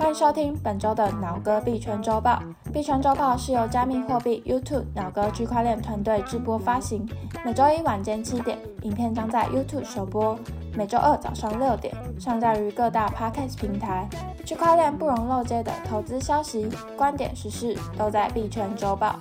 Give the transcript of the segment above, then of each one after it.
歡迎收聽本周的腦哥幣圈周報。幣圈周報是由加密貨幣 YouTube 腦哥區塊鏈團隊制播發行。每周一晚間七點，影片將在 YouTube 首播；每周二早上六點，上架於各大 Podcast 平台。區塊鏈不容漏接的投資消息、觀點、時事都在幣圈周報。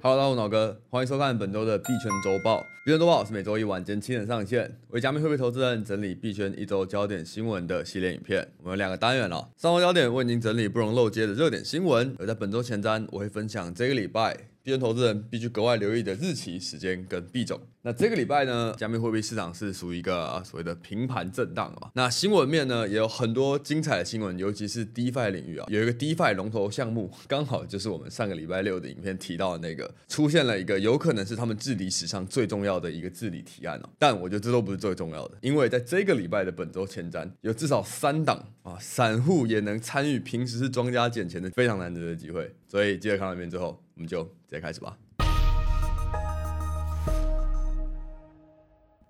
Hello，大家好，我是腦哥，歡迎收看本周的幣圈週報。幣圈週報是每周一晚間七點上線，為加密貨幣投資人整理幣圈一周焦點新聞的系列影片。我們有兩個單元了，上周焦點為您整理不容漏接的熱點新聞，而在本周前瞻，我會分享這個禮拜。幣圈投資人必須格外留意的日期、時間跟幣種。那這個禮拜呢，加密貨幣市場是屬於一個、啊、所謂的平盤震盪啊。那新聞面呢，也有很多精彩的新聞，尤其是 DeFi 領域啊，有一個 DeFi 龍頭項目，剛好就是我們上個禮拜六的影片提到的那個，出現了一個有可能是他們治理史上最重要的一個治理提案了、哦。但我覺得這都不是最重要的，因為在這個禮拜的本周前瞻，有至少三檔啊，散戶也能參與，平時是莊家撿錢的非常難得的機會。所以記得看這邊之後。我們就直接開始吧。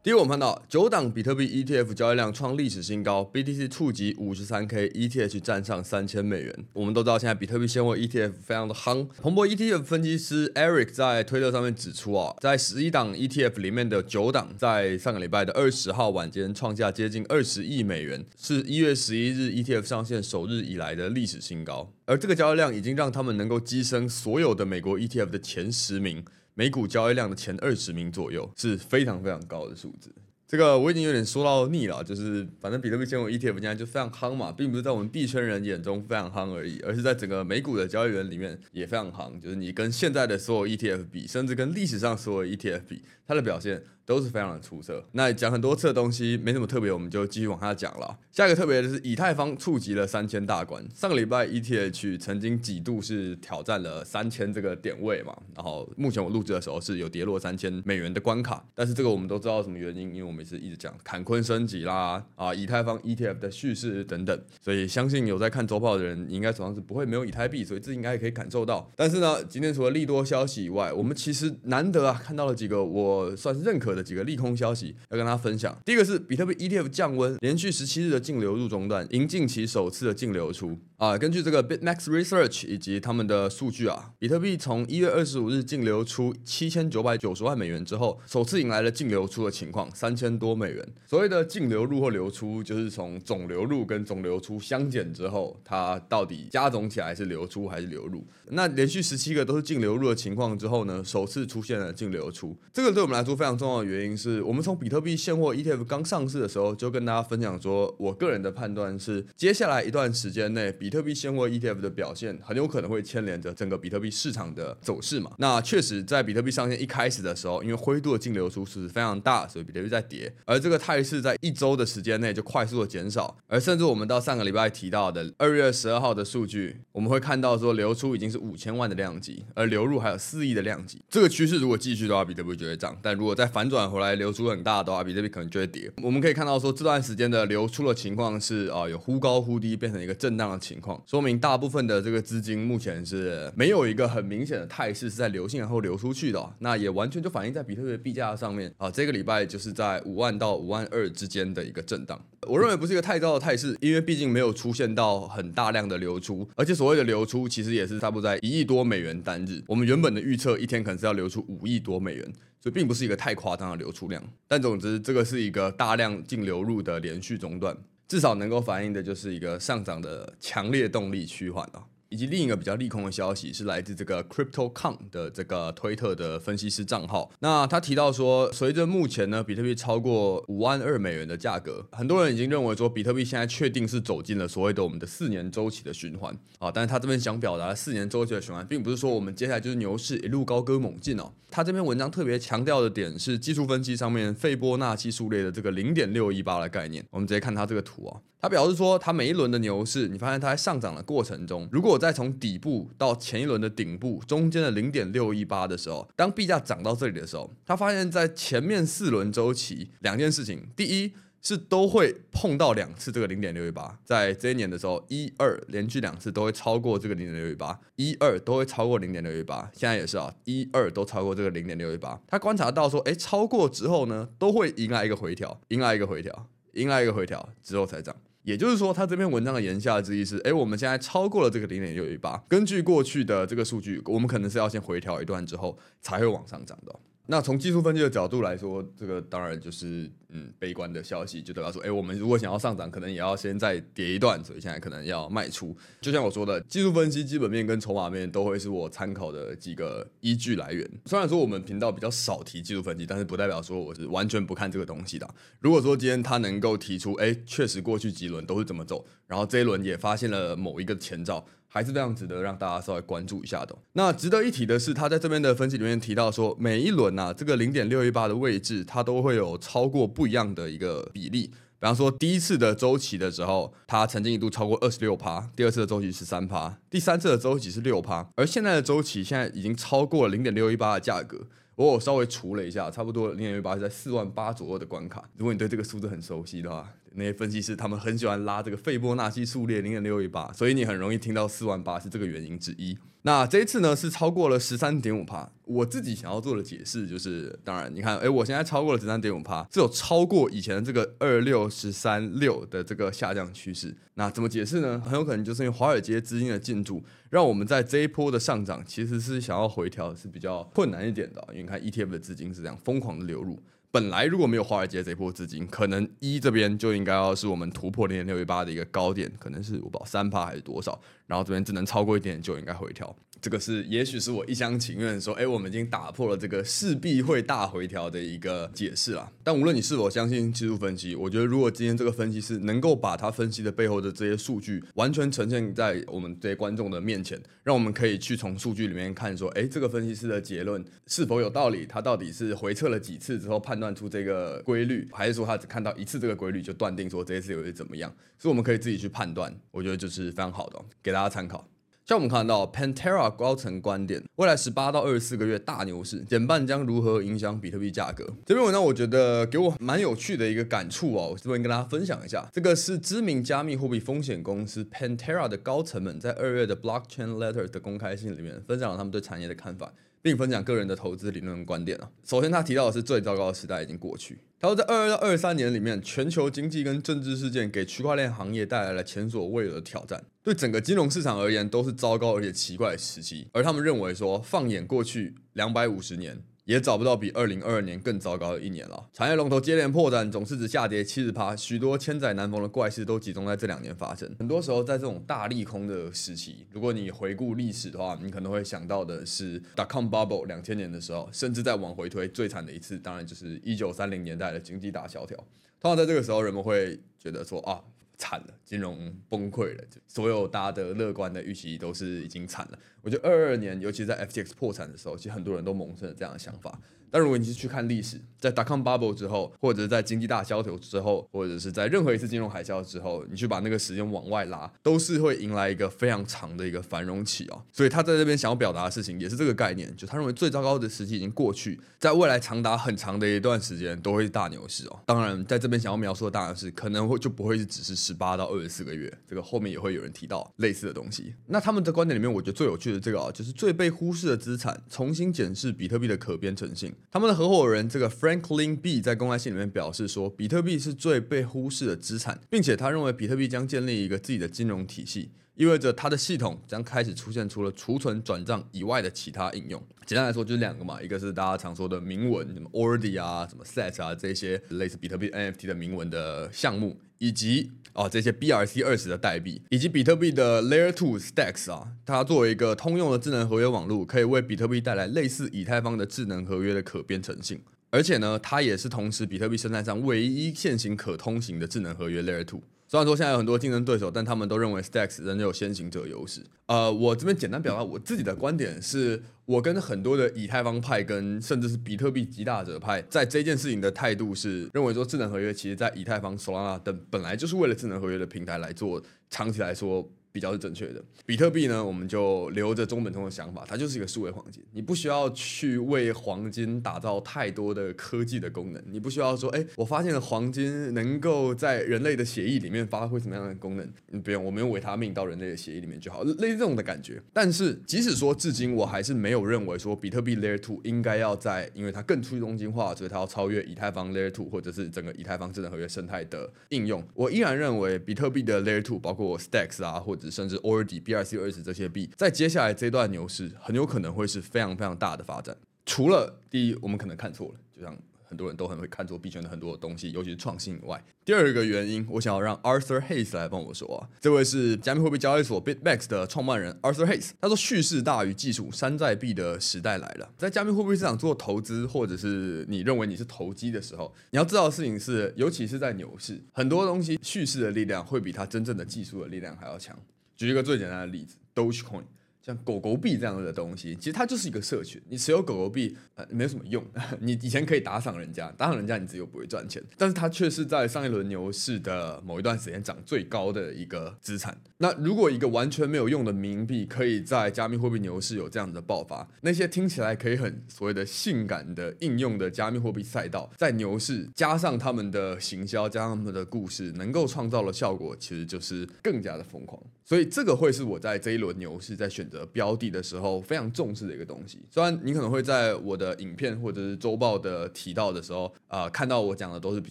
第一，我們看到九檔比特幣 ETF 交易量創歷史新高，BTC 觸及五十三 K，ETH 站上三千美元。我們都知道，現在比特幣現貨 ETF 非常的夯。彭博 ETF 分析師 Eric 在推特上面指出啊，在十一檔 ETF 裡面的九檔，在上個禮拜的二十號晚間創下接近二十億美元，是一月十一日 ETF 上線首日以來的歷史新高。而這個交易量已經讓他們能夠躋身所有的美國 ETF 的前十名。美股交易量的前二十名左右，是非常非常高的數字。這個我已經有點說到膩了，就是反正比特幣現貨 ETF 現在就非常夯嘛，並不是在我們幣圈人眼中非常夯而已，而是在整個美股的交易員裡面也非常夯。就是你跟現在的所有 ETF 比，甚至跟歷史上所有 ETF 比，它的表現。都是非常的出色。那講很多次的東西沒什麼特別，我們就繼續往下講了。下一個特別的是以太坊觸及了三千大關。上個禮拜 ETH 曾經幾度是挑戰了三千這個點位嘛，然後目前我錄製的時候是有跌落三千美元的關卡。但是這個我們都知道什麼原因，因為我們是一直講坎昆升級啦，啊，以太坊 ETF 的敘事等等。所以相信有在看週報的人，你應該手上是不會沒有以太幣，所以這應該也可以感受到。但是呢，今天除了利多消息以外，我們其實難得啊看到了幾個我算是認可。幾個利空消息要跟大家分享。第一個是比特幣 ETF 降溫，連續十七日的淨流入中斷，迎來近期首次的淨流出。啊，根據這個 Bitmax Research 以及他們的數據啊，比特幣從一月二十五日淨流出七千九百九十萬美元之後，首次迎來了淨流出的情況，三千多美元。所謂的淨流入或流出，就是從總流入跟總流出相減之後，它到底加總起來是流出還是流入？那連續十七個都是淨流入的情況之後呢，首次出現了淨流出。這個對我們來說非常重要的原因是我們從比特幣現貨 ETF 剛上市的時候就跟大家分享說，我個人的判斷是，接下來一段時間內比。比特幣現貨 ETF 的表現很有可能會牽連着整個比特幣市場的走勢嘛？那確實，在比特幣上線一開始的時候，因為灰度的淨流出是非常大，所以比特幣在跌。而這個態勢在一周的時間內就快速的減少，而甚至我們到上個禮拜提到的二月十二號的數據，我們會看到說流出已經是五千萬的量級，而流入還有四億的量級。這個趨勢如果繼續的話，比特幣就會漲；但如果再反轉回來，流出很大的話，比特幣可能就會跌。我們可以看到說這段時間的流出的情況是啊，有忽高忽低，變成一個震盪的情。情況說明，大部分的這個資金目前是沒有一個很明顯的態勢是在流進然後流出去的哦，那也完全就反映在比特幣幣價上面啊。這個禮拜就是在五萬到五萬二之間的一個震盪，我認為不是一個太高的態勢，因為畢竟沒有出現到很大量的流出，而且所謂的流出其實也是差不多在一億多美元單日。我們原本的預測一天可能是要流出五億多美元，所以並不是一個太誇張的流出量。但總之，這個是一個大量淨流入的連續中斷。至少能夠反映的就是一個上漲的強烈動力趨緩啊。以及另一個比較利空的消息是來自這個 CryptoCon 的這個推特的分析師賬號。那他提到說，隨着目前呢，比特幣超過五萬二美元的價格，很多人已經認為說，比特幣現在確定是走進了所謂的我們的四年週期的循環啊。但是他這邊想表達的四年週期的循環，並不是說我們接下來就是牛市一路高歌猛進哦。他這篇文章特別強調的點是技術分析上面費波納契數列的這個零點六一八的概念。我們直接看他這個圖啊、哦，他表示說，他每一輪的牛市，你發現他在上漲的過程中，如果在從底部到前一輪的頂部，中間的零點六一八的時候，當幣價漲到這裡的時候，他發現，在前面四輪周期，兩件事情，第一是都會碰到兩次這個零點六一八，在這一年的時候，一二連續兩次都會超過這個零點六一八，一二都會超過零點六一八，現在也是啊，一二都超過這個零點六一八，他觀察到說，哎，超過之後呢，都會迎來一個回調，迎來一個回調，迎來一個回調之後才漲。也就是說，他這篇文章的言下之意是：哎、欸，我們現在超過了這個零點六一八，根據過去的這個數據，我們可能是要先回調一段之後才會往上漲的。那從技術分析的角度來說，這個當然就是嗯悲觀的消息，就代表說，哎，我們如果想要上漲，可能也要先再跌一段，所以現在可能要賣出。就像我說的，技術分析、基本面跟籌碼面都會是我參考的幾個依據來源。雖然說我們頻道比較少提技術分析，但是不代表說我是完全不看這個東西的。如果說今天他能夠提出，哎，確實過去幾輪都是這麼走，然後這一輪也發現了某一個前兆。還是這樣值得讓大家稍微關注一下的、哦。那值得一提的是，他在這邊的分析裡面提到說，每一輪呢、啊，這個零點六一八的位置，它都會有超過不一樣的一個比例。比方說，第一次的週期的時候，它曾經一度超過二十六趴；第二次的週期是三趴；第三次的週期是六趴。而現在的週期現在已經超過了零點六一八的價格。我有稍微除了一下，差不多零點六一八是在四萬八左右的關卡。如果你對這個數字很熟悉的話。那些分析師他們很喜歡拉這個斐波那契數列零點六一八，所以你很容易聽到四萬八是這個原因之一。那這一次呢是超過了十三點五帕，我自己想要做的解釋就是，當然你看，哎，我現在超過了十三點五帕，是有超過以前的這個二六十三六的這個下降趨勢，那怎麼解釋呢？很有可能就是因為華爾街資金的進駐，讓我們在這一波的上漲其實是想要回調是比較困難一點的，因為你看 ETF 的資金是這樣瘋狂的流入。本來如果沒有華爾街這波資金，可能一這邊就應該要是我們突破零點六一八的一個高點，可能是我不知道三趴還是多少，然後這邊只能超過一點就應該回調。這個是，也許是我一廂情願說，哎，我們已經打破了這個勢必會大回調的一個解釋了。但無論你是否相信技術分析，我覺得如果今天這個分析師能夠把他分析的背後的這些數據完全呈現在我們這些觀眾的面前，讓我們可以去從數據裡面看，說，哎，這個分析師的結論是否有道理？他到底是回測了幾次之後判斷出這個規律，還是說他只看到一次這個規律就斷定說這一次又會怎麼樣？所以我們可以自己去判斷。我覺得就是非常好的，給大家參考。像我們看到，Pantera 高層觀點，未來十八到二十四個月大牛市，減半將如何影響比特幣價格？這篇文章我覺得給我蠻有趣的一個感觸啊、哦，我這邊跟大家分享一下。這個是知名加密貨幣風險公司 Pantera 的高層們在二月的 Blockchain Letter 的公開信裡面分享了他們對產業的看法。並分享個人的投資理論觀點了啊。首先，他提到的是最糟糕的時代已經過去。他說，在二二到二三年裡面，全球經濟跟政治事件給區塊鏈行業帶來了前所未有的挑戰，對整個金融市場而言都是糟糕而且奇怪的時期。而他們認為說，放眼過去兩百五十年，也找不到比二零二二年更糟糕的一年了。產業龍頭接連破產，總市值下跌七十趴，許多千載難逢的怪事都集中在這兩年發生。很多時候，在這種大利空的時期，如果你回顧歷史的話，你可能會想到的是 dotcom bubble 兩千年的時候，甚至再往回推，最慘的一次當然就是一九三零年代的經濟大蕭條。通常在這個時候，人們會覺得說啊。慘了，金融崩潰了，所有大家的樂觀的預期都是已經慘了。我覺得二二年，尤其在 FTX 破產的時候，其實很多人都萌生了這樣的想法。但如果你是去看歷史，在達康 bubble 之後，或者是在經濟大蕭條之後，或者是在任何一次金融海嘯之後，你去把那個時間往外拉，都是會迎來一個非常長的一個繁榮期哦。所以他在這邊想要表達的事情也是這個概念，就他認為最糟糕的時期已經過去，在未來長達很長的一段時間都會是大牛市哦。當然，在這邊想要描述的大牛市，可能會就不會是只是十八到二十四個月，這個後面也會有人提到類似的東西。那他們的觀點裡面，我覺得最有趣的這個啊、哦，就是最被忽視的資產，重新檢視比特幣的可編程性。他們的合夥的人這個 Franklin B 在公開信裡面表示說，比特幣是最被忽視的資產，並且他認為比特幣將建立一個自己的金融體系，意味着它的系統將開始出現除了儲存轉賬以外的其他應用。簡單來說就是兩個嘛，一個是大家常說的銘文，什麼 o r d e 啊，什麼 Set 啊，這些類似比特幣 NFT 的銘文的項目。以及啊、哦、這些 BRC 二十的代幣，以及比特幣的 Layer Two stacks 啊，它作為一個通用的智能合約網絡，可以為比特幣帶來類似以太坊的智能合約的可編程性，而且呢，它也是同時比特幣生態上唯一現行可通行的智能合約 Layer Two。雖然說現在有很多競爭對手，但他們都認為 Stacks 仍有先行者優勢。呃，我這邊簡單表達我自己的觀點是：我跟很多的以太坊派，跟甚至是比特幣極大者派，在這件事情的態度是認為說，智能合約其實，在以太坊、Solana 等本來就是為了智能合約的平台來做，長期來說。比較是正確的。比特幣呢，我們就留着中本聰的想法，它就是一個數位黃金。你不需要去為黃金打造太多的科技的功能，你不需要說，哎，我發現了黃金能夠在人類的協議裡面發揮什麼樣的功能，你不用，我們用維他命到人類的協議裡面就好，類似這種的感覺。但是即使說，至今我還是沒有認為說，比特幣 Layer Two 應該要在，因為它更去中心化，所以它要超越以太坊 Layer Two 或者是整個以太坊智能合約生態的應用。我依然認為，比特幣的 Layer Two 包括 Stacks 啊或者甚至 ORDI、BRC 20這些幣，在接下來這段牛市，很有可能會是非常非常大的發展。除了第一，我們可能看錯了，就像，很多人都很會看作幣圈的很多的東西，尤其是創新以外。第二個原因，我想要讓 Arthur Hayes 來幫我說啊，這位是加密貨幣交易所 BitMEX 的創辦人 Arthur Hayes。他說：“敘事大於技術，山寨幣的時代來了。在加密貨幣市場做投資，或者是你認為你是投機的時候，你要知道的事情是，尤其是在牛市，很多東西敘事的力量會比它真正的技術的力量還要強。舉一個最簡單的例子，Dogecoin。Do ”像狗狗幣這樣的東西，其實它就是一個社群。你持有狗狗幣，呃，沒什麼用呵呵。你以前可以打賞人家，打賞人家你自己又不會賺錢。但是它卻是在上一輪牛市的某一段時間漲最高的一個資產。那如果一個完全沒有用的冥幣可以在加密貨幣牛市有這樣的爆發，那些聽起來可以很所謂的性感的應用的加密貨幣賽道，在牛市加上他們的行銷，加上他們的故事，能夠創造的效果其實就是更加的瘋狂。所以這個會是我在這一輪牛市在選擇標的的時候非常重視的一個東西。雖然你可能會在我的影片或者是周報的提到的時候，啊，看到我講的都是比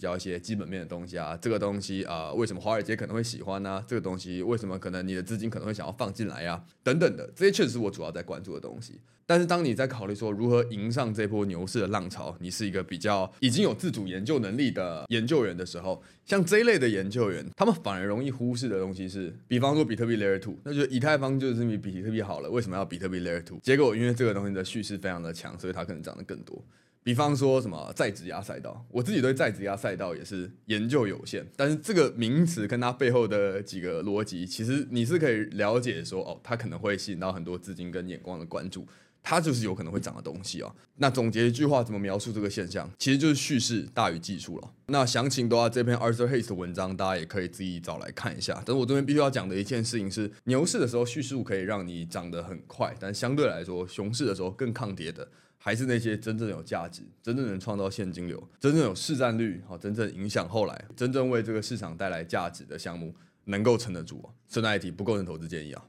較一些基本面的東西啊，這個東西啊、呃，為什麼華爾街可能會喜歡呢、啊？這個東西為什麼可能你的資金可能會想要放進來呀、啊？等等的，這些確實是我主要在關注的東西。但是當你在考慮說如何迎上這波牛市的浪潮，你是一個比較已經有自主研究能力的研究員的時候，像這一類的研究員，他們反而容易忽視的東西是，比方說比特。Layer two，那就以太坊就是比比特幣好了，為什麼要比特幣 Layer two？結果因為這個東西的敘事非常的強，所以它可能漲得更多。比方說什麼再質押賽道，我自己對再質押賽道也是研究有限，但是這個名詞跟它背後的幾個邏輯，其實你是可以了解說，哦，它可能會吸引到很多資金跟眼光的關注。它就是有可能會漲的東西啊。那總結一句話，怎麼描述這個現象？其實就是敘事大於技術了。那詳情的話，這篇 Arthur Hayes 的文章，大家也可以自己找來看一下。但我這邊必須要講的一件事情是，牛市的時候敘事可以讓你漲得很快，但相對來說，熊市的時候更抗跌的，還是那些真正有價值、真正能創造現金流、真正有市占率、真正影響後來、真正為這個市場帶來價值的項目能夠撐得住啊。順帶一提，不構成投資建議啊。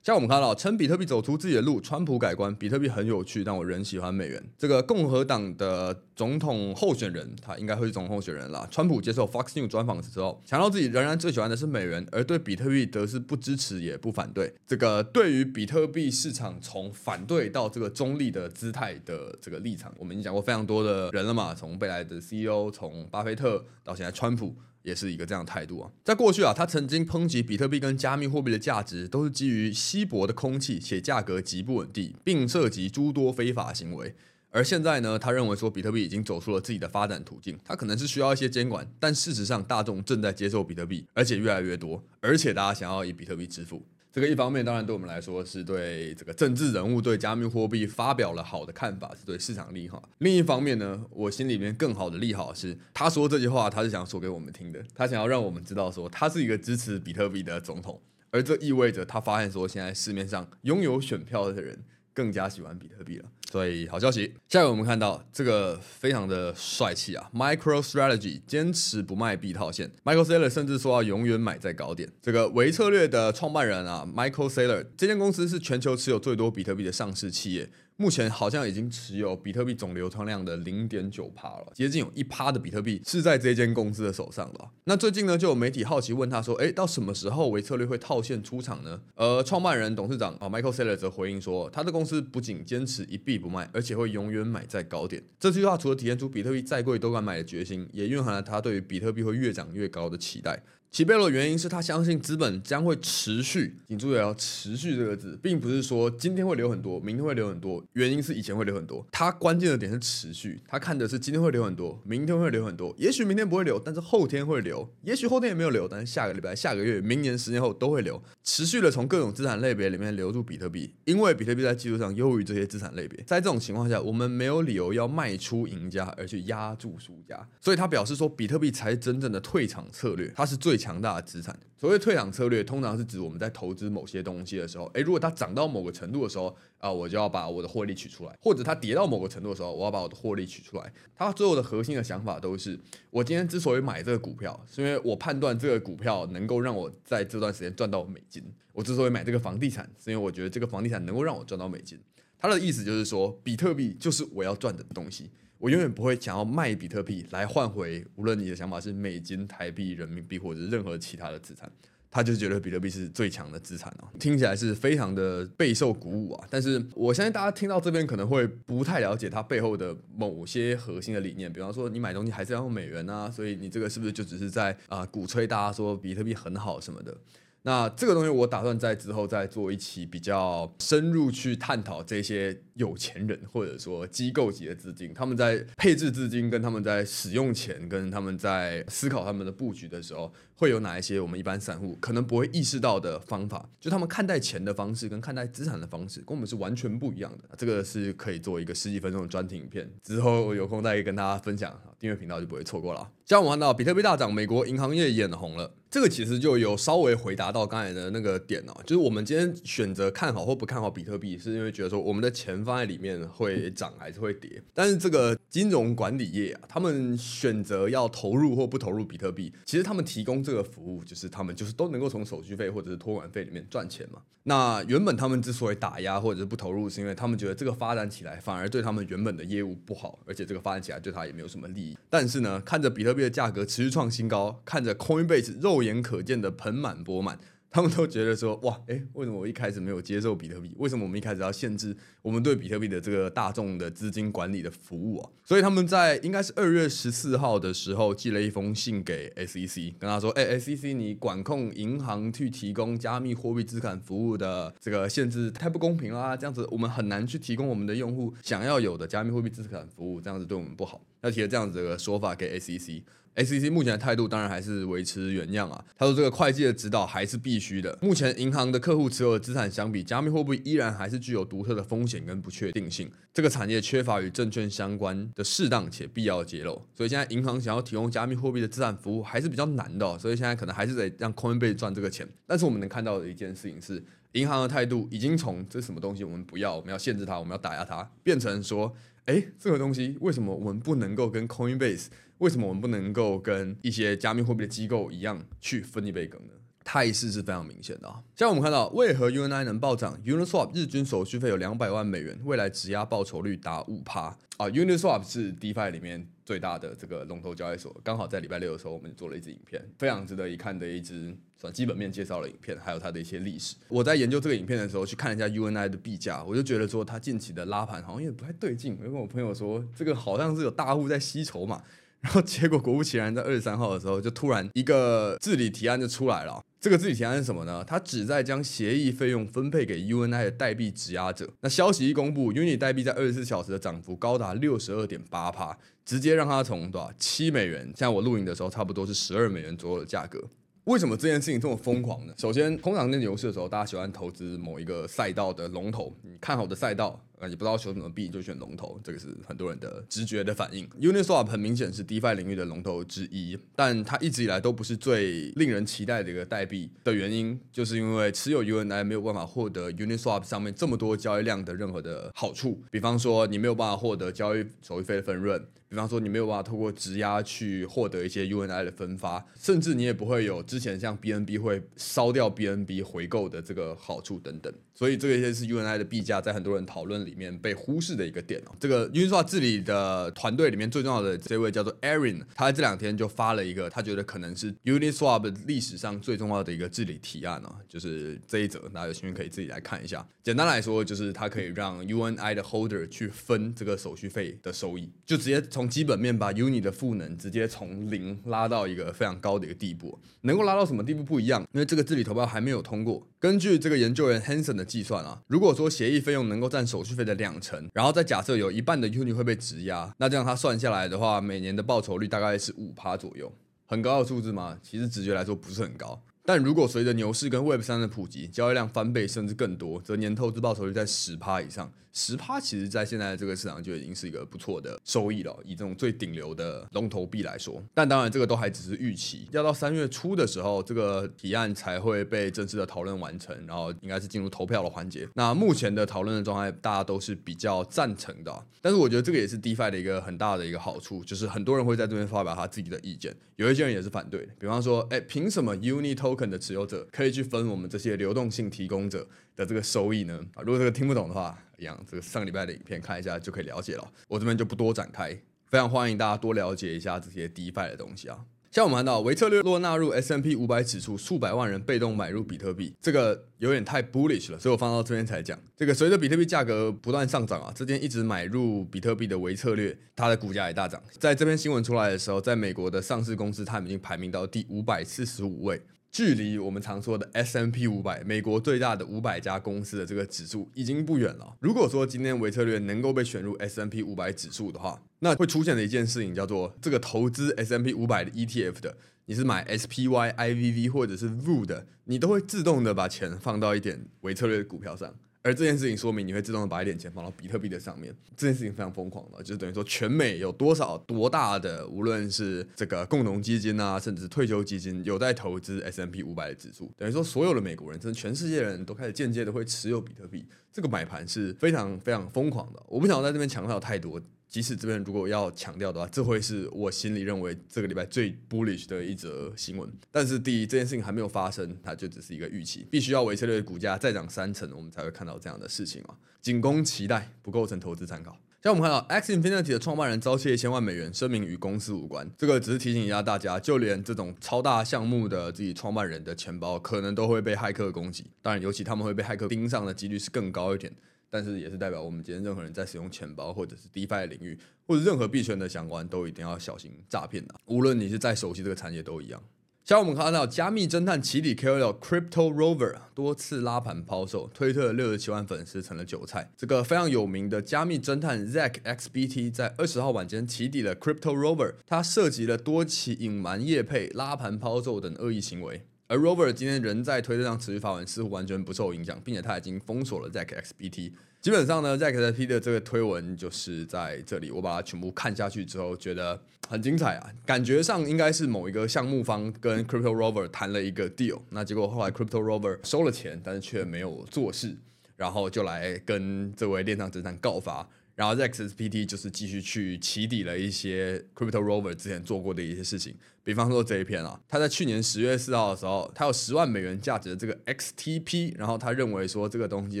現在我們看到，趁比特幣走出自己的路，川普改觀，比特幣很有趣，但我仍喜歡美元。這個共和黨的總統候選人，他應該會是總統候選人啦，川普接受 Fox News 專訪的時候，強調自己仍然最喜歡的是美元，而對比特幣則是不支持也不反對。這個對於比特幣市場從反對到這個中立的姿態的這個立場，我們已經講過非常多的人了嘛，從貝萊德 CEO，從巴菲特到現在川普。也是一個這樣的態度啊，在過去啊，他曾經抨擊比特幣跟加密貨幣的價值都是基於稀薄的空氣，且價格極不穩定，並涉及諸多非法行為。而現在呢，他認為說比特幣已經走出了自己的發展途徑，他可能是需要一些監管，但事實上大眾正在接受比特幣，而且越來越多，而且大家想要以比特幣支付。這個一方面當然對我們來說是對這個政治人物對加密貨幣發表了好的看法是對市場利好。另一方面呢，我心裡面更好的利好是他說這句話他是想說給我們聽的，他想要讓我們知道說他是一個支持比特幣的總統，而這意味着他發現說現在市面上擁有選票的人。更加喜歡比特幣了，所以好消息。下面我們看到這個非常的帥氣啊，MicroStrategy 堅持不賣幣套現，Michael Saylor 甚至說要永遠買在高點。這個微策略的創辦人啊，Michael Saylor，這間公司是全球持有最多比特幣的上市企業。目前好像已經持有比特幣總流通量的零點九趴了，接近有一趴的比特幣是在這間公司的手上了。那最近呢，就有媒體好奇問他說：“誒到什麼時候微策略會套現出場呢？”而、呃、創辦人、董事長啊，Michael Saylor 則回應說：“他的公司不僅堅持一幣不賣，而且會永遠買在高點。”這句話除了體現出比特幣再貴都敢買的決心，也蘊含了他對於比特幣會越漲越高的期待。其背後的原因是他相信資本將會持續，請注意要持續這個字，並不是說今天會留很多，明天會留很多。原因是以前會留很多，他關鍵的點是持續。他看的是今天會留很多，明天會留很多，也許明天不會留，但是後天會留。也許後天也沒有留，但是下個禮拜、下個月、明年十年後都會留。持續的從各種資產類別裡面留住比特幣，因為比特幣在技術上優於這些資產類別。在這種情況下，我們沒有理由要賣出贏家而去壓住輸家，所以他表示說，比特幣才是真正的退場策略，它是最強強大的資產，所謂退場策略，通常是指我們在投資某些東西的時候，誒、欸，如果它漲到某個程度的時候，啊、呃，我就要把我的獲利取出來；或者它跌到某個程度的時候，我要把我的獲利取出來。它最後的核心的想法都是，我今天之所以買這個股票，是因為我判斷這個股票能夠讓我在這段時間賺到美金；我之所以買這個房地產，是因為我覺得這個房地產能夠讓我賺到美金。他的意思就是說，比特幣就是我要賺的東西。我永遠不會想要賣比特幣來換回，無論你的想法是美金、台幣、人民幣或者是任何其他的資產，他就是覺得比特幣是最強的資產啊、喔，聽起來是非常的備受鼓舞啊。但是我相信大家聽到這邊可能會不太了解他背後的某些核心的理念，比方說你買東西還是要用美元啊，所以你這個是不是就只是在啊、呃、鼓吹大家說比特幣很好什麼的？那這個東西我打算在之後再做一期比較深入去探討這些。有錢人或者說機構級的資金，他們在配置資金、跟他們在使用錢、跟他們在思考他們的布局的時候，會有哪一些我們一般散戶可能不會意識到的方法？就他們看待錢的方式跟看待資產的方式，跟我們是完全不一樣的。這個是可以做一個十幾分鐘的專題影片，之後有空再跟大家分享。訂閱頻道就不會錯過了。像我們看到比特幣大漲，美國銀行業眼紅了，這個其實就有稍微回答到剛才的那個點啊，就是我們今天選擇看好或不看好比特幣，是因為覺得說我們的錢。放在裡面會漲還是會跌？但是這個金融管理業啊，他們選擇要投入或不投入比特幣，其實他們提供這個服務，就是他們就是都能夠從手續費或者是托管費裡面賺錢嘛。那原本他們之所以打壓或者是不投入，是因為他們覺得這個發展起來反而對他們原本的業務不好，而且這個發展起來對他也沒有什麼利益。但是呢，看着比特幣的價格持續創新高，看着 Coinbase 肉眼可見的盆滿缽滿。他們都覺得說，哇，誒、欸，為什麼我一開始沒有接受比特幣？為什麼我們一開始要限制我們對比特幣的這個大眾的資金管理的服務啊？所以他們在應該是二月十四號的時候寄了一封信給 SEC，跟他說，誒、欸、SEC 你管控銀行去提供加密貨幣資產服務的這個限制太不公平啦、啊，這樣子我們很難去提供我們的用戶想要有的加密貨幣資產服務，這樣子對我們不好，要提了這樣子的說法給 SEC。SEC 目前的態度當然還是維持原樣啊。他說，這個會計的指導還是必須的。目前銀行的客戶持有的資產相比加密貨幣，依然還是具有獨特的風險跟不確定性。這個產業缺乏與證券相關的適當且必要的揭露。所以現在銀行想要提供加密貨幣的資產服務還是比較難的哦。所以現在可能還是得讓 Coinbase 賺這個錢。但是我們能看到的一件事情是，銀行的態度已經從這是什麼東西我們不要，我們要限制它，我們要打壓它，變成說。哎，這個東西為什麼我們不能夠跟 Coinbase？為什麼我們不能夠跟一些加密貨幣的機構一樣去分一杯羹呢？態勢是非常明顯的啊、哦！像我們看到，為何 Uni 能暴漲？Uniswap 日均手續費有兩百萬美元，未來質押報酬率達五趴啊！Uniswap 是 DeFi 裡面最大的這個龍頭交易所，剛好在禮拜六的時候，我們做了一支影片，非常值得一看的一支。算基本面介紹了影片，還有它的一些歷史。我在研究這個影片的時候，去看了一下 UNI 的幣價，我就覺得說它近期的拉盤好像也不太對勁。我就跟我朋友說這個好像是有大戶在吸籌嘛，然後結果果不其然，在二十三號的時候就突然一個治理提案就出來了。這個治理提案是什麼呢？它旨在將協議費用分配給 UNI 的代幣質押者。那消息一公布，UNI 代幣在二十四小時的漲幅高達六十二點八趴，直接讓它從多少七美元，像我錄影的時候差不多是十二美元左右的價格。為什麼這件事情這麼瘋狂呢？首先，通常在牛市的時候，大家喜歡投資某一個賽道的龍頭，你看好的賽道，呃，也不知道選什麼幣，就選龍頭，這個是很多人的直覺的反應。Uniswap 很明顯是 DeFi 領域的龍頭之一，但它一直以來都不是最令人期待的一個代幣的原因，就是因為持有 UNI 沒有辦法獲得 Uniswap 上面這麼多交易量的任何的好處，比方說你沒有辦法獲得交易手續費的分潤。比方說，你沒有辦法透過質押去獲得一些 UNI 的分發，甚至你也不會有之前像 BNB 會燒掉 BNB 回購的這個好處等等。所以，這個一些是 UNI 的幣價在很多人討論裡面被忽視的一個點哦。這個 Uniswap 治理的團隊裡面最重要的這位叫做 Aaron，他這兩天就發了一個，他覺得可能是 Uniswap 歷史上最重要的一個治理提案哦，就是這一則。大家有興趣可以自己來看一下。簡單來說，就是它可以讓 UNI 的 Holder 去分這個手續費的收益，就直接。從基本面把 Uni 的賦能直接從零拉到一個非常高的一個地步，能夠拉到什麼地步不一樣，因為這個治理投票還沒有通過。根據這個研究員 Hanson 的計算啊，如果說協議費用能夠占手續費的兩成，然後再假設有一半的 Uni 會被質押，那這樣他算下來的話，每年的報酬率大概是五趴左右，很高的數字嘛？其實直覺來說不是很高。但如果隨着牛市跟 Web 三的普及，交易量翻倍甚至更多，則年投資報酬率在十趴以上。十趴其實，在現在的這個市場就已經是一個不錯的收益了。以這種最頂流的龍頭幣來說。但當然這個都還只是預期，要到三月初的時候，這個提案才會被正式的討論完成，然後應該是進入投票的環節。那目前的討論的狀態，大家都是比較贊成的。但是我覺得這個也是 DeFi 的一個很大的一個好處，就是很多人會在這邊發表他自己的意見，有一些人也是反對的，比方說，哎、欸，憑什麼 Uni token 的持有者可以去分我們這些流動性提供者的這個收益呢？啊，如果這個聽不懂的話，一樣，這個上禮拜的影片看一下就可以了解了。我這邊就不多展開，非常歡迎大家多了解一下這些 DeFi 的東西啊。像我們看到微策略若納入 S&P 500指數，數百萬人被動買入比特幣，這個。有點太 bullish 了，所以我放到這邊才講。這個隨着比特幣價格不斷上漲啊，這邊一直買入比特幣的微策略，它的股價也大漲。在這邊新聞出來的時候，在美國的上市公司，它已經排名到第五百四十五位，距離我們常說的 S&P 五百，美國最大的五百家公司的這個指數已經不遠了。如果說今天微策略能夠被選入 S&P 五百指數的話，那會出現的一件事情叫做這個投資 S&P 五百的 ETF 的。你是買 SPY、IVV 或者是 VOO 的，你都會自動的把錢放到一點微策略的股票上，而這件事情說明你會自動的把一點錢放到比特幣的上面。這件事情非常瘋狂的，就是等於說全美有多少多大的，無論是這個共同基金啊，甚至退休基金，有在投資 S&P 五百的指數，等於說所有的美國人，甚至全世界人都開始間接的會持有比特幣。這個買盤是非常非常瘋狂的。我不想在這邊強調太多。即使這邊如果要強調的話，這會是我心裡認為這個禮拜最 bullish 的一則新聞。但是第一，這件事情還沒有發生，它就只是一個預期，必須要微策略股價再漲三成，我們才會看到這樣的事情啊。僅供期待，不構成投資參考。像我們看到 X Infinity 的創辦人遭竊一千萬美元聲明與公司無關，這個只是提醒一下大家，就連這種超大項目的自己創辦人的錢包，可能都會被駭客攻擊。當然，尤其他們會被駭客盯上的幾率是更高一點。但是也是代表我們今天任何人在使用錢包或者是 DeFi 領域，或者任何幣圈的相關，都一定要小心詐騙的、啊。無論你是再熟悉這個產業都一樣。像我們看到加密偵探起底 KOL Crypto Rover 多次拉盤拋售，推特六十七萬粉絲成了韭菜。這個非常有名的加密偵探 Zach XBT 在二十號晚間起底了 Crypto Rover，他涉及了多起隱瞞業配、拉盤拋售等惡意行為。而 Rover 今天仍在推特上持續發文，似乎完全不受影響，並且他已經封鎖了 ZachXBT。基本上呢，ZachXBT 的這個推文就是在這裡，我把它全部看下去之後，覺得很精彩啊。感覺上應該是某一個項目方跟 Crypto Rover 談了一個 deal，那結果後來 Crypto Rover 收了錢，但是卻沒有做事，然後就來跟這位鏈上偵探告發，然後 ZachXBT 就是繼續去起底了一些 Crypto Rover 之前做過的一些事情。比方說這一篇啊，他在去年十月四號的時候，他有十萬美元價值的這個 XTP，然後他認為說這個東西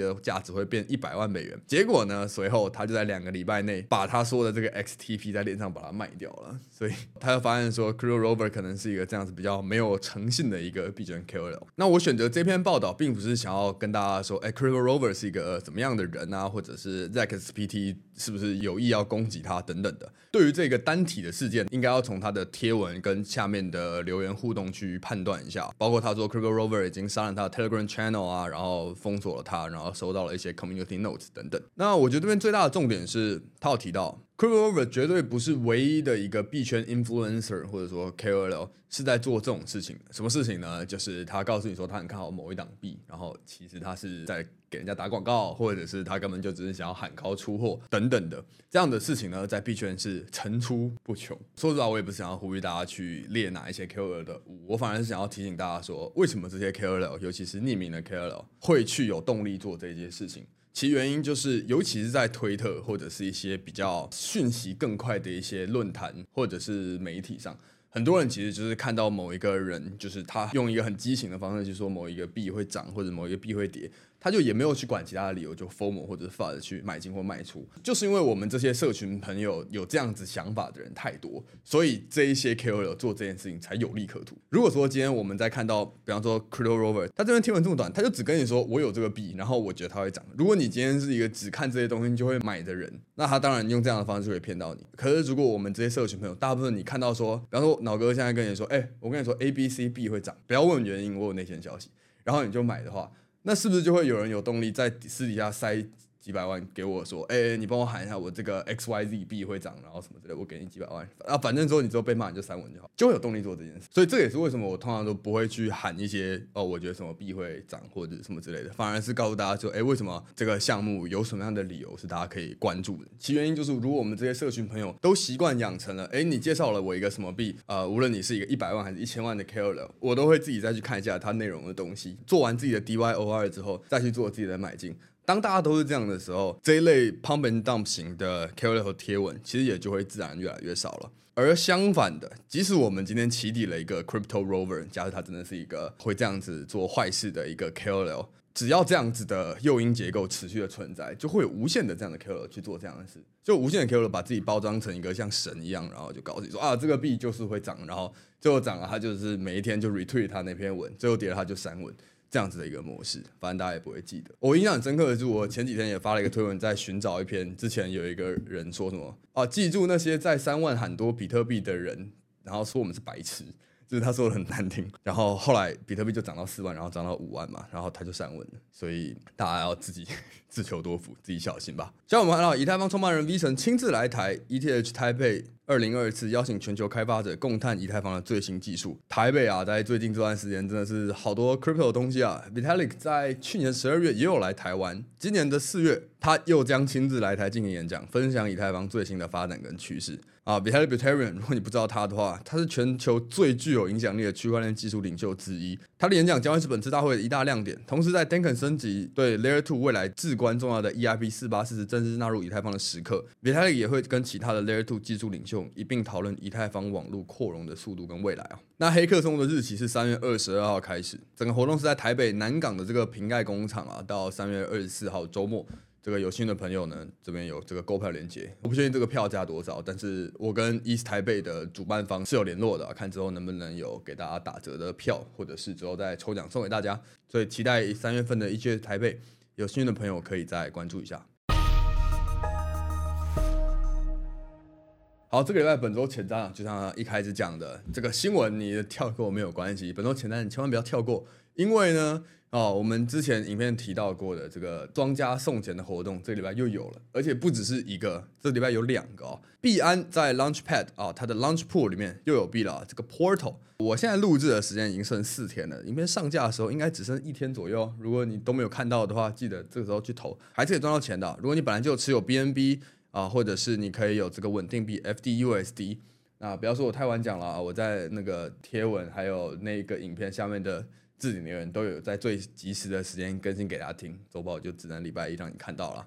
的價值會變一百萬美元，結果呢，隨後他就在兩個禮拜內把他說的這個 XTP 在鏈上把它賣掉了，所以他就發現說 Crypto Rover 可能是一個這樣子比較沒有誠信的一個幣圈 KOL。那我選擇這篇報道，並不是想要跟大家說誒，Crypto Rover 是一個怎麼樣的人啊，或者是 ZachXBT 是不是有意要攻擊他等等的。對於這個單體的事件，應該要從他的貼文跟下面的留言互動去判斷一下，包括他做 Crypto Rover 已經刪了他的 Telegram Channel 啊，然後封鎖了他，然後收到了一些 Community Notes 等等。那我覺得這邊最大的重點是他有提到。Crypto Rover 絕對不是唯一的一個幣圈 influencer，或者說 KOL 是在做這種事情。什麼事情呢？就是他告訴你說他很看好某一檔幣，然後其實他是在給人家打廣告，或者是他根本就只是想要喊高出貨等等的這樣的事情呢，在幣圈是層出不窮。說實話，我也不是想要呼籲大家去列哪一些 KOL 的。我反而是想要提醒大家說，為什麼這些 KOL，尤其是匿名的 KOL，會去有動力做這些事情。其原因就是，尤其是在推特或者是一些比較訊息更快的一些論壇或者是媒體上，很多人其實就是看到某一個人，就是他用一個很激情的方式，就是說某一個幣會漲或者某一個幣會跌，他就也沒有去管其他的理由，就 FOMO 或者 FUD 去買進或賣出，就是因為我們這些社群朋友有這樣子想法的人太多，所以這一些 KOL 做這件事情才有利可圖。如果說今天我們在看到，比方說 Crypto Rover，他這邊聽完這麼短，他就只跟你說我有這個幣，然後我覺得它會漲。如果你今天是一個只看這些東西就會買的人，那他當然用這樣的方式會騙到你。可是如果我們這些社群朋友，大部分你看到說，比方說腦哥現在跟你說，哎、欸，我跟你說 A B C B 會漲，不要問原因，我有內線消息，然後你就買的話。那是不是就會有人有動力在私底下塞？幾百萬給我說，哎、欸，你幫我喊一下，我這個 X Y Z B 會漲，然後什麼之類，我給你幾百萬啊，反正之後你之後被罵你就刪文就好，就有動力做這件事。所以這也是為什麼我通常都不會去喊一些，哦、呃，我覺得什麼幣會漲或者什麼之類的，反而是告訴大家說，哎、欸，為什麼這個項目有什麼樣的理由是大家可以關注的。其原因就是，如果我們這些社群朋友都習慣養成了，哎、欸，你介紹了我一個什麼幣，啊、呃，無論你是一個一百萬還是一千萬的 KOL，的我都會自己再去看一下它內容的東西，做完自己的 DYOR 之後，再去做自己的買進。當大家都是這樣的時候，這一類 pump and dump 型的 KOL 的貼文，其實也就會自然越來越少了。而相反的，即使我們今天起底了一個 Crypto Rover，假設它真的是一個會這樣子做壞事的一個 KOL，只要這樣子的誘因結構持續的存在，就會有無限的這樣的 KOL 去做這樣的事，就無限的 KOL 把自己包裝成一個像神一樣，然後就告訴你說啊，這個幣就是會漲，然後最後漲了，它就是每一天就 retweet 它那篇文，最後跌了，它就刪文。這樣子的一個模式，反正大家也不會記得。我印象很深刻的是，我前幾天也發了一個推文，在尋找一篇之前有一個人說什麼啊，記住那些在三萬喊多比特幣的人，然後說我們是白痴，就是他說的很難聽。然後後來比特幣就漲到四萬，然後漲到五萬嘛，然後他就刪文了。所以大家要自己自求多福，自己小心吧。像我們看到以太坊創辦人 V 神親自來台 ETH 台北二零二四邀請全球開發者共探以太坊的最新技術。台北啊，在最近這段時間真的是好多 crypto 的東西啊。Vitalik 在去年十二月也有來台灣，今年的四月他又將親自來台進行演講，分享以太坊最新的發展跟趨勢。啊，Vitalik Buterin 如果你不知道他的話，他是全球最具有影響力的區塊鏈技術領袖之一。他的演講將會是本次大會的一大亮點。同時，在 Dencun 升級對 Layer Two 未來至關重要的 EIP 四八四十正式納入以太坊的時刻，Vitalik 也會跟其他的 Layer Two 技術領袖一併討論以太坊網絡擴容的速度跟未來啊。那黑客松的日期是三月二十二號開始，整個活動是在台北南港的這個瓶蓋工廠啊，到三月二十四號周末。這個有興趣的朋友呢，這邊有這個購票鏈接。我不確定這個票價多少，但是我跟 East 台北的主辦方是有聯絡的，看之後能不能有給大家打折的票，或者是之後再抽獎送給大家。所以期待三月份的 East 台北，有興趣的朋友可以再關注一下。好，這個禮拜本週前瞻啊，就像一開始講的，這個新聞你跳過沒有關係，本週前瞻你千萬不要跳過。因為呢，哦，我們之前影片提到過的這個莊家送錢的活動，這個禮拜又有了，而且不只是一個，這個禮拜有兩個哦。幣安在 Launchpad 啊，哦，它的 Launchpool 裡面又有幣了。這個 Portal 我現在錄製的時間已經剩四天了，影片上架的時候應該只剩一天左右。如果你都沒有看到的話，記得這個時候去投，還是可以賺到錢的。如果你本來就持有 BNB 啊，哦，或者是你可以有這個穩定幣 FDUSD，啊，D, D, 那不要說我太晚講了，我在那個貼文還有那個影片下面的，自己的人都有在最及時的時間更新給大家聽，週報就只能禮拜一讓你看到了。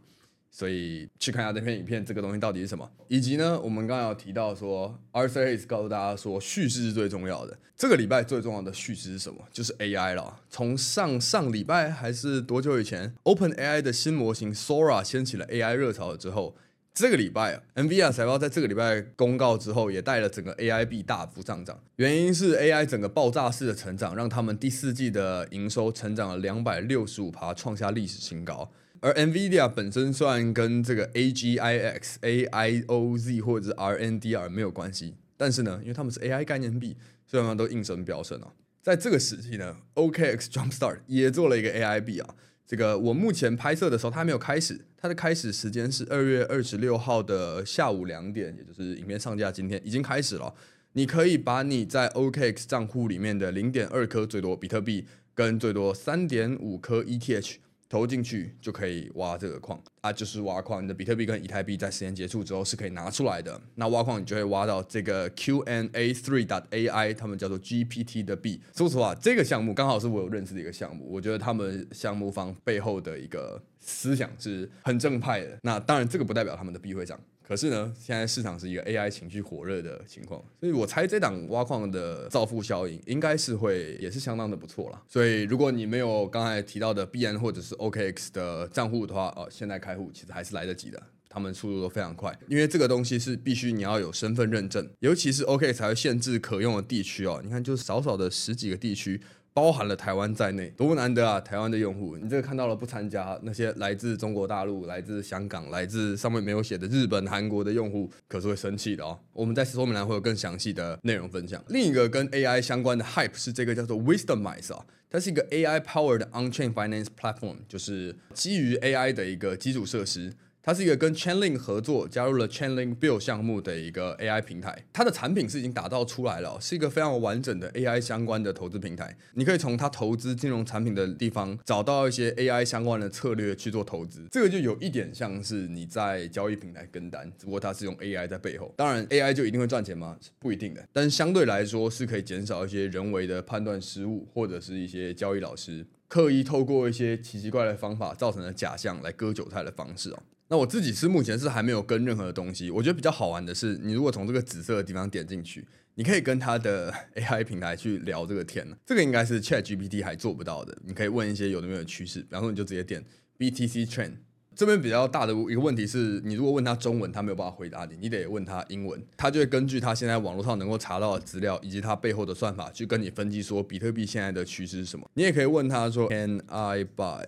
所以去看一下這篇影片，這個東西到底是什麼？以及呢，我們剛剛有提到說，R C H 告訴大家說，敘事是最重要的。這個禮拜最重要的敘事是什麼？就是 AI 了。從上上禮拜還是多久以前，OpenAI 的新模型 Sora 掀起了 AI 熱潮了之後。這個禮拜啊，NVIDIA 財報在這個禮拜公告之後，也帶了整個 AI 幣大幅上漲。原因是 AI 整個爆炸式的成長，讓他們第四季的營收成長了兩百六十五%，趴創下歷史新高。而 NVIDIA 本身雖然跟這個 AGIX、AIOZ 或者是 RNDR 沒有關係，但是呢，因為他們是 AI 概念幣，所以他們都應聲飆升了、啊。在這個時期呢，OKX、OK、Jumpstart 也做了一個 AI 幣啊。這個我目前拍攝的時候，它還沒有開始，它的開始時間是二月二十六號的下午兩點，也就是影片上架今天已經開始了。你可以把你在 OKX 賬戶裡面的零點二顆最多比特幣跟最多三點五顆 ETH。投進去就可以挖這個礦啊，就是挖礦。你的比特幣跟以太幣在時間結束之後是可以拿出來的。那挖礦你就會挖到這個 QnA3.AI，他們叫做 GPT 的幣。說實話，這個項目剛好是我有認識的一個項目，我覺得他們項目方背後的一個思想是很正派的。那當然，這個不代表他們的幣會漲。可是呢，現在市場是一個 AI 情緒火熱的情況，所以我猜這檔挖礦的造富效應應該是會也是相當的不錯了。所以如果你沒有剛才提到的 BN 或者是 OKX 的賬戶的話，哦，現在開戶其實還是來得及的，他們速度都非常快。因為這個東西是必須你要有身份認證，尤其是 OK 才會限制可用的地區哦。你看，就是少少的十幾個地區。包含了台灣在內，多難得啊！台灣的用戶，你這個看到了不參加那些來自中國大陸、來自香港、來自上面沒有寫的日本、韓國的用戶，可是會生氣的哦。我們在說明欄會有更詳細的內容分享。另一個跟 AI 相關的 Hype 是這個叫做 Wisdomise 啊、哦，它是一個 AI-powered on-chain finance platform，就是基於 AI 的一個基礎設施。它是一個跟 Chainlink 合作，加入了 Chainlink Build 項目的一個 AI 平台。它的產品是已經打造出來了，是一個非常完整的 AI 相關的投資平台。你可以從它投資金融產品的地方找到一些 AI 相關的策略去做投資。這個就有一點像是你在交易平台跟單，只不過它是用 AI 在背後。當然，AI 就一定會賺錢嗎？不一定的。但相對來說是可以減少一些人為的判斷失誤，或者是一些交易老師刻意透過一些奇奇怪怪的方法造成的假象來割韭菜的方式啊。那我自己是目前是還沒有跟任何的東西。我覺得比較好玩的是，你如果從這個紫色的地方點進去，你可以跟它的 AI 平台去聊這個天。這個應該是 ChatGPT 還做不到的。你可以問一些有的沒有趨勢，然後你就直接點 BTC Trend。這邊比較大的一個問題是，你如果問他中文，他沒有辦法回答你，你得問他英文，他就會根據他現在網絡上能夠查到的資料，以及他背後的算法去跟你分析說比特幣現在的趨勢是什麼。你也可以問他說：“Can I buy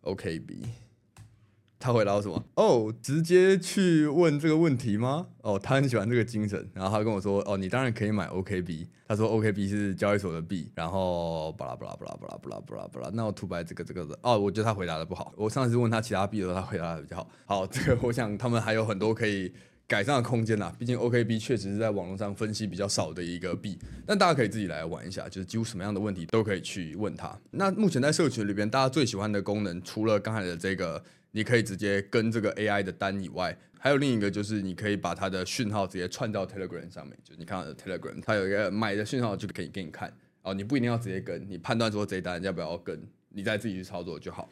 OKB？”、OK 他回答我什麼？哦，直接去問這個問題嗎？哦，他很喜歡這個精神。然後他跟我說：“哦，你當然可以買 OKB。”他說：“OKB 是交易所的幣。”然後巴拉巴拉巴拉巴拉巴拉巴拉巴拉。那我吐白這個這個的哦，我覺得他回答的不好。我上次問他其他幣的時候，他回答的比較好。好，這個我想他們還有很多可以改善的空間呢。畢竟 OKB 確實是在網絡上分析比較少的一個幣，但大家可以自己來玩一下，就是幾乎什麼樣的問題都可以去問他。那目前在社群裡邊，大家最喜歡的功能，除了剛才的這個。你可以直接跟這個 AI 的單以外，還有另一個就是，你可以把它的訊號直接串到 Telegram 上面，就你看到 Telegram，它有一個買的訊號就可以給你看哦，你不一定要直接跟，你判斷說這一單要不要跟，你再自己去操作就好。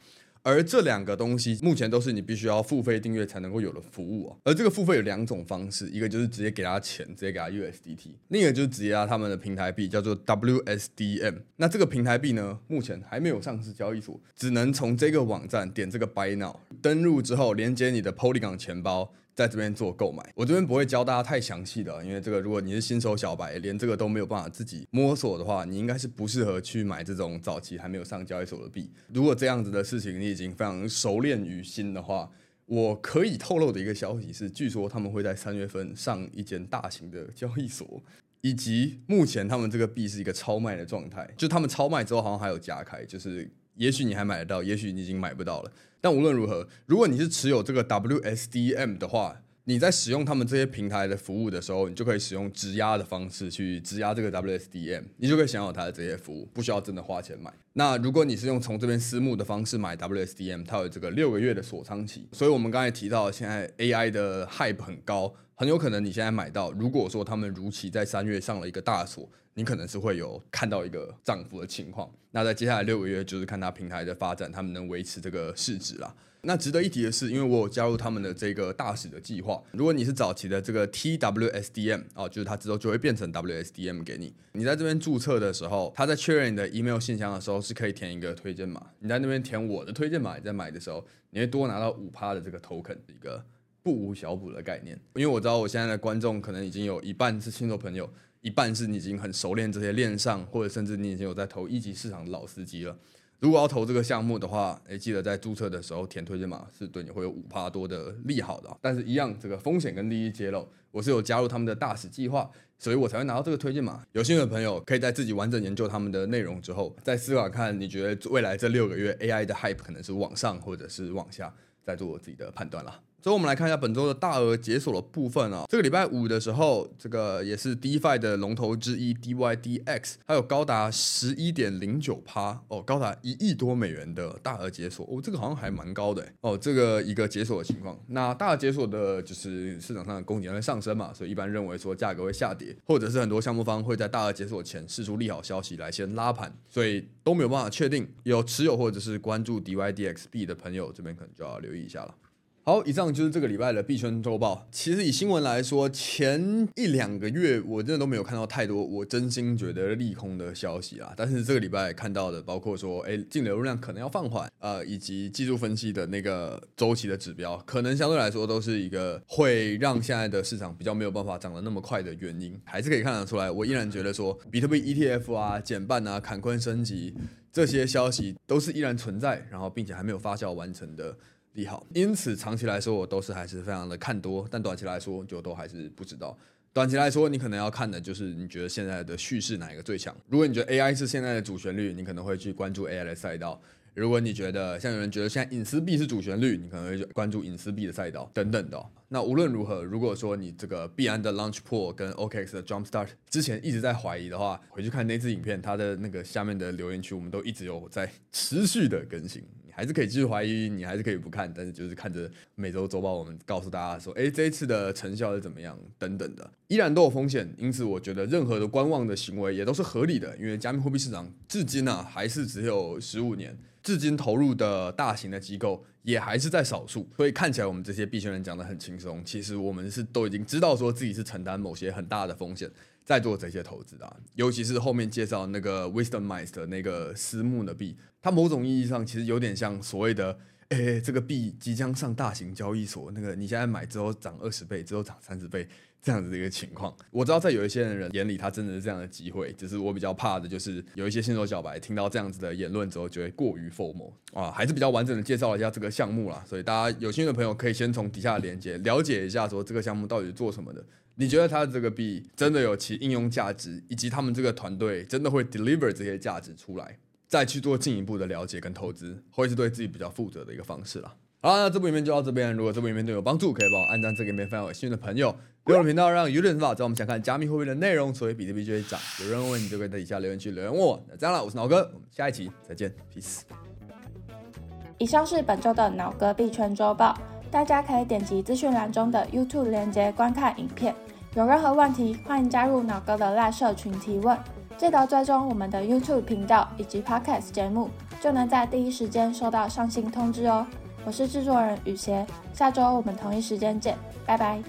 而這兩個東西目前都是你必須要付費訂閱才能夠有的服務啊，而這個付費有兩種方式，一個就是直接給他錢，直接給他 USDT，另一個就是直接拿、啊、他們的平台幣，叫做 WSDM。那這個平台幣呢，目前還沒有上市交易所，只能從這個網站點這個 buy now 登錄之後連接你的 Polygon 錢包。在這邊做購買，我這邊不會教大家太詳細的，因為這個如果你是新手小白，連這個都沒有辦法自己摸索的話，你應該是不適合去買這種早期還沒有上交易所的幣。如果這樣子的事情你已經非常熟練於心的話，我可以透露的一個消息是，據說他們會在三月份上一間大型的交易所，以及目前他們這個幣是一個超賣的狀態，就他們超賣之後好像還有加開，就是。也許你還買得到，也許你已經買不到了。但無論如何，如果你是持有這個 WSDM 的話，你在使用他們這些平台的服務的時候，你就可以使用質押的方式去質押這個 WSDM，你就可以享有它的這些服務，不需要真的花錢買。那如果你是用從這邊私募的方式買 WSDM，它有這個六個月的鎖倉期。所以我們剛才提到，現在 AI 的 hype 很高，很有可能你現在買到，如果說他們如期在三月上了一個大所，你可能是會有看到一個漲幅的情況。那在接下來六個月，就是看它平台的發展，他們能維持這個市值啦。那值得一提的是，因為我有加入他們的這個大使的計劃。如果你是早期的這個 T W S D M 哦，就是它之後就會變成 W S D M 給你。你在這邊注冊的時候，他在確認你的 email 信箱的時候是可以填一個推薦碼。你在那邊填我的推薦碼，你在買的時候，你會多拿到五趴的這個 token 的一個不無小補的概念。因為我知道我現在的觀眾可能已經有一半是新手朋友，一半是你已經很熟練這些鏈上，或者甚至你已經有在投一級市場的老司機了。如果要投這個項目的話，哎、欸，記得在註冊的時候填推薦碼，是對你會有五趴多的利好的。但是，一樣這個風險跟利益揭露，我是有加入他們的大使計劃，所以我才會拿到這個推薦碼。有興趣的朋友，可以在自己完整研究他們的內容之後，再思考看，你覺得未來這六個月 A I 的 hype 可能是往上或者是往下，再做自己的判斷啦。所以，我們來看一下本周的大額解鎖的部分啊、哦。這個禮拜五的時候，這個也是 DeFi 的龍頭之一 DYDX，它有高達十一點零九趴哦，高達一億多美元的大額解鎖哦，這個好像還蠻高的哦。這個一個解鎖的情況，那大額解鎖的就是市場上的供給會上升嘛，所以一般認為說價格會下跌，或者是很多項目方會在大額解鎖前釋出利好消息來先拉盤，所以都沒有辦法確定。有持有或者是關注 DYDXB 的朋友，這邊可能就要留意一下了。好，以上就是這個禮拜的幣圈周報。其實以新聞來說，前一兩個月我真的都沒有看到太多我真心覺得利空的消息啊。但是這個禮拜看到的，包括說，誒、欸、淨流入量可能要放緩，呃，以及技術分析的那個周期的指標，可能相對來說都是一個會讓現在的市場比較沒有辦法漲得那麼快的原因。還是可以看得出來，我依然覺得說，比特幣 ETF 啊減半啊，坎昆升級這些消息都是依然存在，然後並且還沒有發酵完成的。利好，因此長期來說我都是還是非常的看多，但短期來說就都還是不知道。短期來說，你可能要看的就是你覺得現在的敘事哪一個最強。如果你覺得 AI 是現在的主旋律，你可能會去關注 AI 的賽道；如果你覺得像有人覺得現在隱私幣是主旋律，你可能會去關注隱私幣的賽道等等的。那無論如何，如果說你這個幣安的 Launchpool 跟 OKX 的 Jumpstart 之前一直在懷疑的話，回去看那支影片，它的那個下面的留言區，我們都一直有在持續的更新。還是可以繼續懷疑，你還是可以不看，但是就是看着每周周報，我們告訴大家說，誒，這一次的成效是怎麼樣等等的，依然都有風險，因此我覺得任何的觀望的行為也都是合理的，因為加密貨幣市場至今呢、啊、還是只有十五年，至今投入的大型的機構也還是在少數，所以看起來我們這些幣圈人講得很輕鬆，其實我們是都已經知道說自己是承擔某些很大的風險。在做這些投資的、啊，尤其是後面介紹那個 Wisdomise 的那個私募的幣，它某種意義上其實有點像所謂的，誒、欸，這個幣即將上大型交易所，那個你現在買之後漲二十倍，之後漲三十倍，這樣子的一個情況。我知道在有一些人眼裡，它真的是這樣的機會，只是我比較怕的就是有一些新手小白聽到這樣子的言論之後，就會過於瘋魔。啊，還是比較完整的介紹了一下這個項目啦。所以大家有興趣的朋友可以先從底下的鏈接了解一下，說這個項目到底是做什麼的。你覺得他的這個幣真的有其應用價值，以及他們這個團隊真的會 deliver 這些價值出來，再去做進一步的了解跟投資，會是對自己比較負責的一個方式了。好了，那這部影片就到這邊。如果這部影片對你有幫助，可以幫我按讚這個影片，分享給有興趣的朋友，關注頻道讓，讓 YouTube 知道我們想看加密貨幣的內容，所以比特幣就會漲。有任何問題就可以在底下留言區留言問我。那這樣了，我是腦哥，我們下一期再見，peace。以上是本周的腦哥幣圈周報。大家可以點擊資訊欄中的 YouTube 連結觀看影片。有任何問題，歡迎加入腦哥的賴社群提問。記得追蹤我們的 YouTube 頻道以及 Podcast 節目，就能在第一時間收到上新通知哦。我是製作人雨鞋，下周我們同一時間見，拜拜。